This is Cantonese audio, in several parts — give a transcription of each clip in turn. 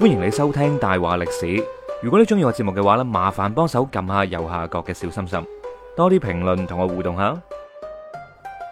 歡迎你收聽大話歷史，如果你中意我節目嘅話咧，麻煩幫手撳下右下角嘅小心心，多啲評論同我互動下。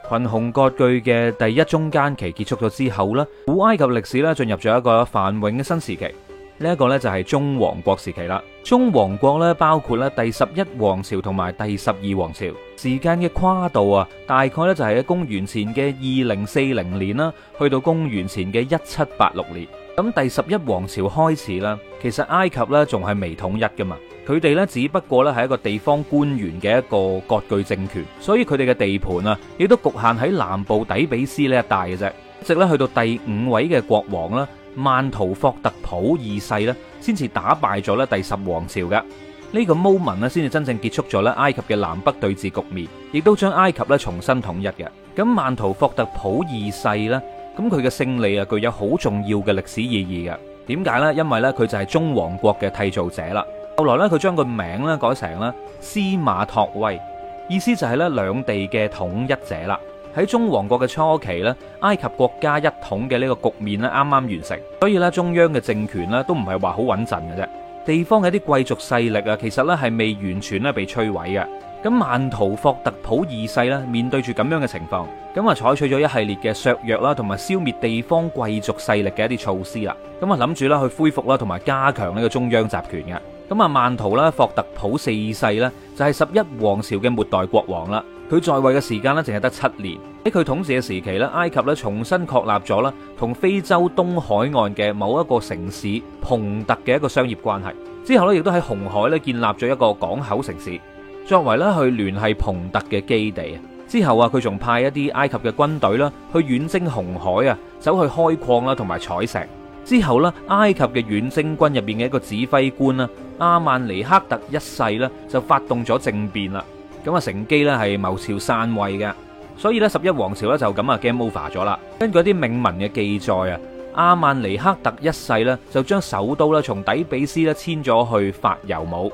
群雄割據嘅第一中間期結束咗之後咧，古埃及歷史咧進入咗一個繁榮嘅新時期。呢一個咧就係中王國時期啦。中王國咧包括咧第十一王朝同埋第十二王朝，時間嘅跨度啊，大概咧就係喺公元前嘅二零四零年啦，去到公元前嘅一七八六年。咁、嗯、第十一王朝開始啦，其實埃及咧仲係未統一噶嘛，佢哋呢，只不過咧係一個地方官員嘅一個割據政權，所以佢哋嘅地盤啊，亦都局限喺南部底比斯呢一帶嘅啫，直咧去到第五位嘅國王啦。曼圖霍特普二世咧，先至打敗咗咧第十王朝嘅呢個穆文咧，先至真正結束咗咧埃及嘅南北對峙局面，亦都將埃及咧重新統一嘅。咁曼圖霍特普二世呢，咁佢嘅勝利啊，具有好重要嘅歷史意義嘅。點解呢？因為呢，佢就係中王國嘅締造者啦。後來呢，佢將個名咧改成咧司馬托威，意思就係咧兩地嘅統一者啦。喺中王國嘅初期咧，埃及國家一統嘅呢個局面咧，啱啱完成，所以咧中央嘅政權咧都唔係話好穩陣嘅啫。地方嘅一啲貴族勢力啊，其實咧係未完全咧被摧毀嘅。咁曼圖霍特普二世咧面對住咁樣嘅情況，咁啊採取咗一系列嘅削弱啦，同埋消滅地方貴族勢力嘅一啲措施啦。咁啊諗住啦去恢復啦，同埋加強呢個中央集權嘅。咁啊曼圖啦霍特普四世咧就係十一王朝嘅末代國王啦。佢在位嘅時間咧，淨係得七年。喺佢統治嘅時期咧，埃及咧重新確立咗啦，同非洲東海岸嘅某一個城市蓬特嘅一個商業關係。之後咧，亦都喺紅海咧建立咗一個港口城市，作為咧去聯繫蓬特嘅基地。之後啊，佢仲派一啲埃及嘅軍隊啦，去遠征紅海啊，走去開礦啦，同埋採石。之後咧，埃及嘅遠征軍入邊嘅一個指揮官啦，阿曼尼克特一世咧就發動咗政變啦。咁啊，乘機呢係謀朝篡位嘅，所以呢，十一王朝呢就咁啊 game over 咗啦。根據啲銘文嘅記載啊，阿曼尼克特一世呢就將首都呢從底比斯呢遷咗去法尤姆。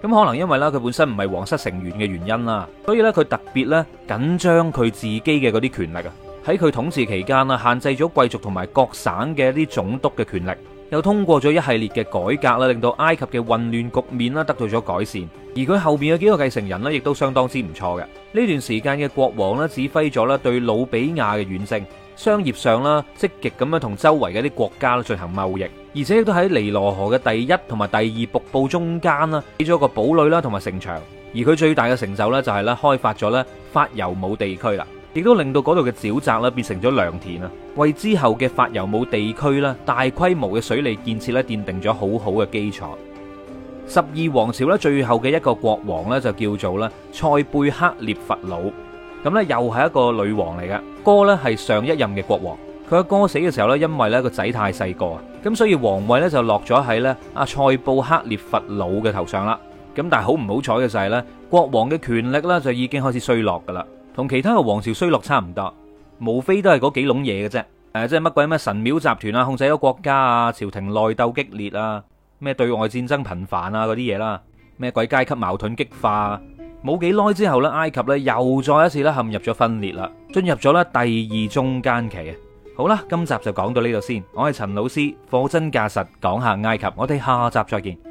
咁可能因為咧佢本身唔係皇室成員嘅原因啦，所以呢，佢特別呢緊張佢自己嘅嗰啲權力啊。喺佢統治期間啊，限制咗貴族同埋各省嘅啲總督嘅權力。又通過咗一系列嘅改革啦，令到埃及嘅混亂局面啦得到咗改善。而佢後面嘅幾個繼承人咧，亦都相當之唔錯嘅。呢段時間嘅國王咧，指揮咗咧對努比亞嘅遠征，商業上啦積極咁樣同周圍嘅啲國家咧進行貿易，而且亦都喺尼羅河嘅第一同埋第二瀑布中間啦起咗個堡壘啦同埋城牆。而佢最大嘅成就咧就係咧開發咗咧法尤姆地區啦。亦都令到嗰度嘅沼澤咧變成咗良田啦，為之後嘅法尤姆地區咧大規模嘅水利建設咧奠定咗好好嘅基礎。十二王朝咧最後嘅一個國王咧就叫做咧塞貝克列弗魯，咁咧又係一個女王嚟嘅，哥咧係上一任嘅國王，佢嘅哥死嘅時候咧，因為咧個仔太細個，咁所以皇位咧就落咗喺咧阿塞布克列弗魯嘅頭上啦。咁但係好唔好彩嘅就係咧，國王嘅權力咧就已經開始衰落噶啦。同其他嘅王朝衰落差唔多，無非都係嗰幾壟嘢嘅啫。誒、啊，即係乜鬼咩神廟集團啊，控制咗國家啊，朝廷內鬥激烈啊，咩對外戰爭頻繁啊嗰啲嘢啦，咩、啊、鬼階級矛盾激化、啊，冇幾耐之後咧，埃及咧又再一次咧陷入咗分裂啦，進入咗咧第二中間期啊。好啦，今集就講到呢度先，我係陳老師，貨真價實講下埃及，我哋下集再見。